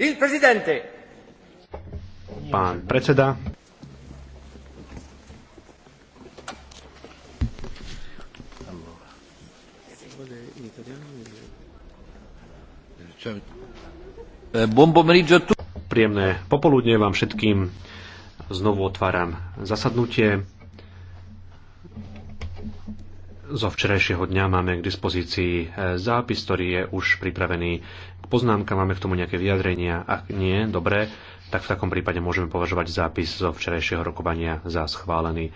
Il presidente. Pán predseda. Eh, Príjemné popoludne vám všetkým. Znovu otváram zasadnutie. Zo včerajšieho dňa máme k dispozícii e, zápis, ktorý je už pripravený k poznámkam. Máme k tomu nejaké vyjadrenia? Ak nie, dobre, tak v takom prípade môžeme považovať zápis zo včerajšieho rokovania za schválený.